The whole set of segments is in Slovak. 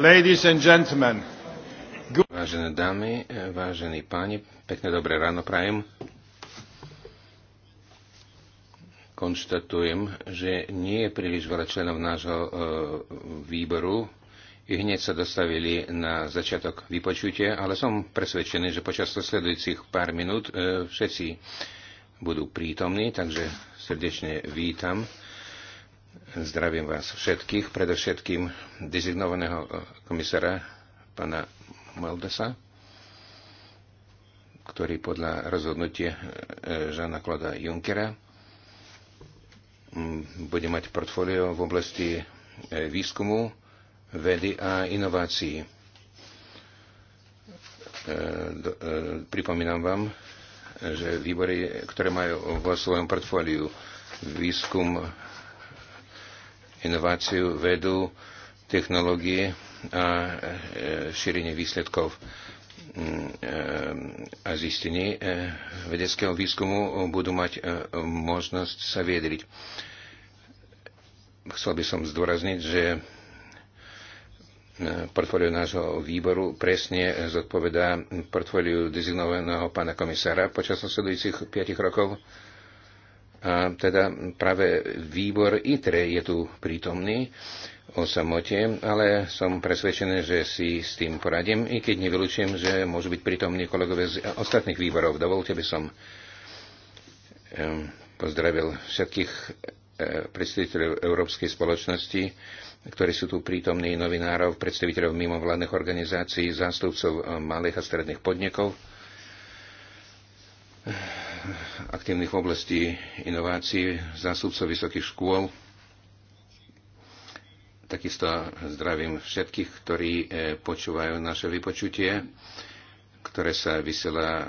Ladies and gentlemen. Vážené dámy, vážení páni, pekné dobré ráno prajem. Konštatujem, že nie je príliš veľa členov nášho e, výboru. I hneď sa dostavili na začiatok vypočutia, ale som presvedčený, že počas sledujúcich pár minút e, všetci budú prítomní, takže srdečne vítam Zdravím vás všetkých, predovšetkým dezignovaného e, komisára pana Maldesa, ktorý podľa rozhodnutia e, e, Žana Kloda Junckera bude mať portfólio v oblasti výskumu, vedy a inovácií. Pripomínam vám, že výbory, ktoré majú vo svojom portfóliu výskum inováciu, vedu, technológie a e, šírenie výsledkov mm, e, a zistení e, vedeckého výskumu budú mať možnosť sa viedriť. Chcel by som zdôrazniť, že portfóliu nášho výboru presne zodpovedá portfóliu dezignovaného pána komisára počas nasledujúcich 5 rokov a teda práve výbor ITRE je tu prítomný o samote, ale som presvedčený, že si s tým poradím, i keď nevylučujem, že môžu byť prítomní kolegové z ostatných výborov. Dovolte by som pozdravil všetkých e, predstaviteľov Európskej spoločnosti, ktorí sú tu prítomní, novinárov, predstaviteľov mimovládnych organizácií, zástupcov e, malých a stredných podnikov aktívnych v oblasti inovácií, zástupcov vysokých škôl. Takisto zdravím všetkých, ktorí e, počúvajú naše vypočutie, ktoré sa vysiela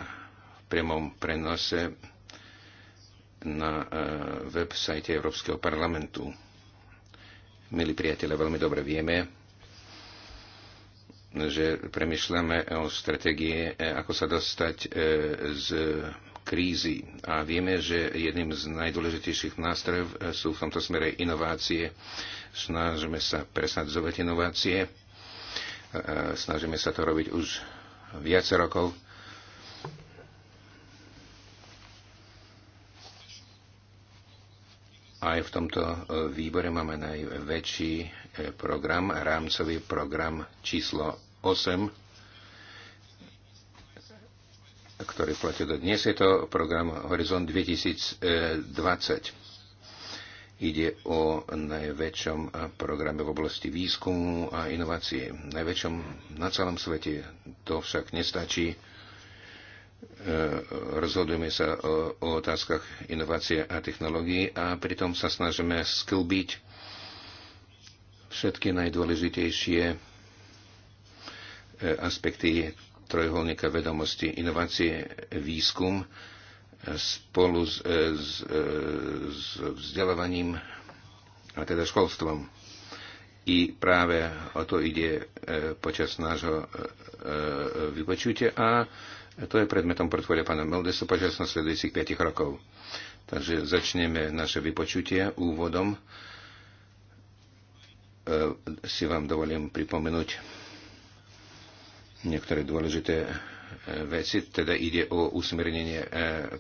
v priamom prenose na e, web sajte Európskeho parlamentu. Milí priatelia, veľmi dobre vieme, že premyšľame o stratégie, ako sa dostať e, z krízy. A vieme, že jedným z najdôležitejších nástrojov e, sú v tomto smere inovácie. Snažíme sa presadzovať inovácie. E, e, snažíme sa to robiť už viac rokov. Aj v tomto výbore máme najväčší program, rámcový program číslo 8 ktorý platí do dnes. Je to program Horizon 2020. Ide o najväčšom programe v oblasti výskumu a inovácie. Najväčšom na celom svete. To však nestačí. E, rozhodujeme sa o, o otázkach inovácie a technológií a pritom sa snažíme sklbiť všetky najdôležitejšie e, aspekty trojuholníka vedomosti, inovácie, výskum e, spolu s, e, s, e, s vzdelávaním, a teda školstvom. I práve o to ide počas nášho vypočutia a to je predmetom portfólia pána Meldesu počas nasledujúcich 5 rokov. Takže začneme naše vypočutie úvodom. Si vám dovolím pripomenúť niektoré dôležité e, veci, teda ide o usmernenie e,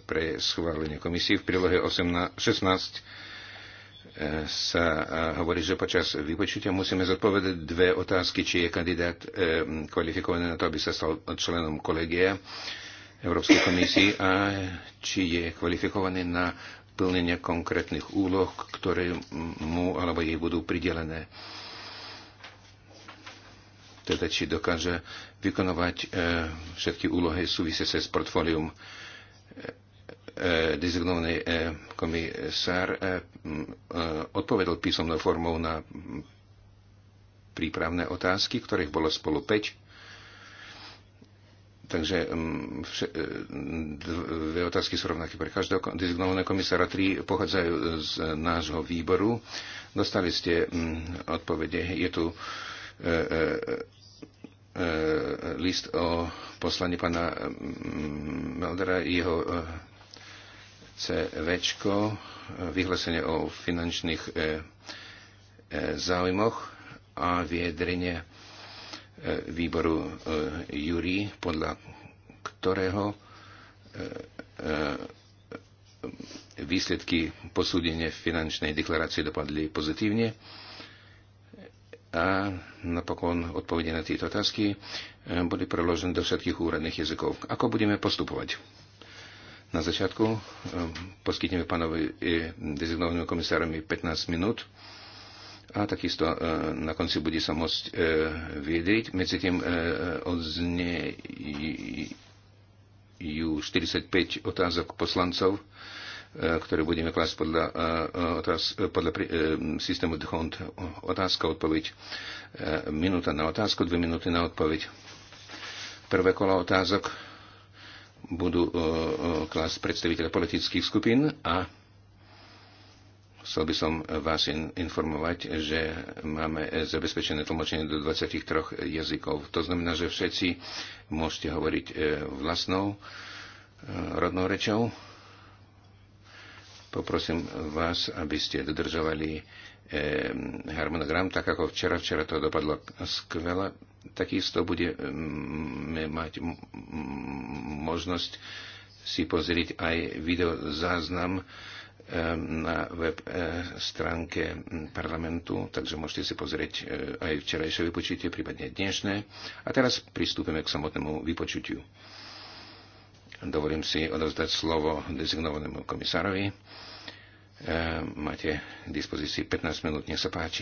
pre schválenie komisie. V prílohe 16 e, sa hovorí, že počas vypočutia musíme zodpovedať dve otázky, či je kandidát kvalifikovaný na to, aby sa stal členom kolegia Európskej komisie a či je kvalifikovaný na plnenie konkrétnych úloh, ktoré mu alebo jej budú pridelené teda či dokáže vykonovať e, všetky úlohy súvisiace s portfólium e, e, e, komisár odpovedal písomnou formou na prípravné otázky, ktorých bolo spolu 5. Takže dve otázky sú rovnaké pre každého dezignovaného komisára, tri pochádzajú z nášho výboru. Dostali ste odpovede. Je tu E, e, e, list o poslane pana mm, Meldera jeho CVčko, vyhlásenie o finančných záujmoch a viedrenie výboru Júri, podľa ktorého výsledky posúdenia finančnej deklarácie dopadli pozitívne a napokon odpovede na tieto otázky e, boli preložené do všetkých úradných jazykov. Ako budeme postupovať? Na začiatku e, poskytneme pánovi e, dezignovanému komisárovi 15 minút a takisto na konci bude sa môcť vyjadriť. Medzi tým odznie ju 45 otázok poslancov E, ktoré budeme klásť podľa, e, e, otáz, podľa systému DHONT. Otázka, odpoveď. Minúta na otázku, dve minúty na odpoveď. Prvé kolo otázok budú klásť predstaviteľe politických skupín a chcel by som vás informovať, že máme zabezpečené tlmočenie do 23 jazykov. To znamená, že všetci môžete hovoriť vlastnou rodnou rečou Poprosím vás, aby ste dodržovali eh, harmonogram, tak ako včera. Včera to dopadlo skvele. Takisto budeme mm, mať možnosť si pozrieť aj video záznam eh, na web eh, stránke parlamentu, takže môžete si pozrieť aj včerajšie vypočutie, prípadne dnešné. A teraz pristúpime k samotnému vypočutiu. Dovolím si odovzdať slovo dezignovanému komisárovi. E, máte k dispozícii 15 minút, nech sa páči.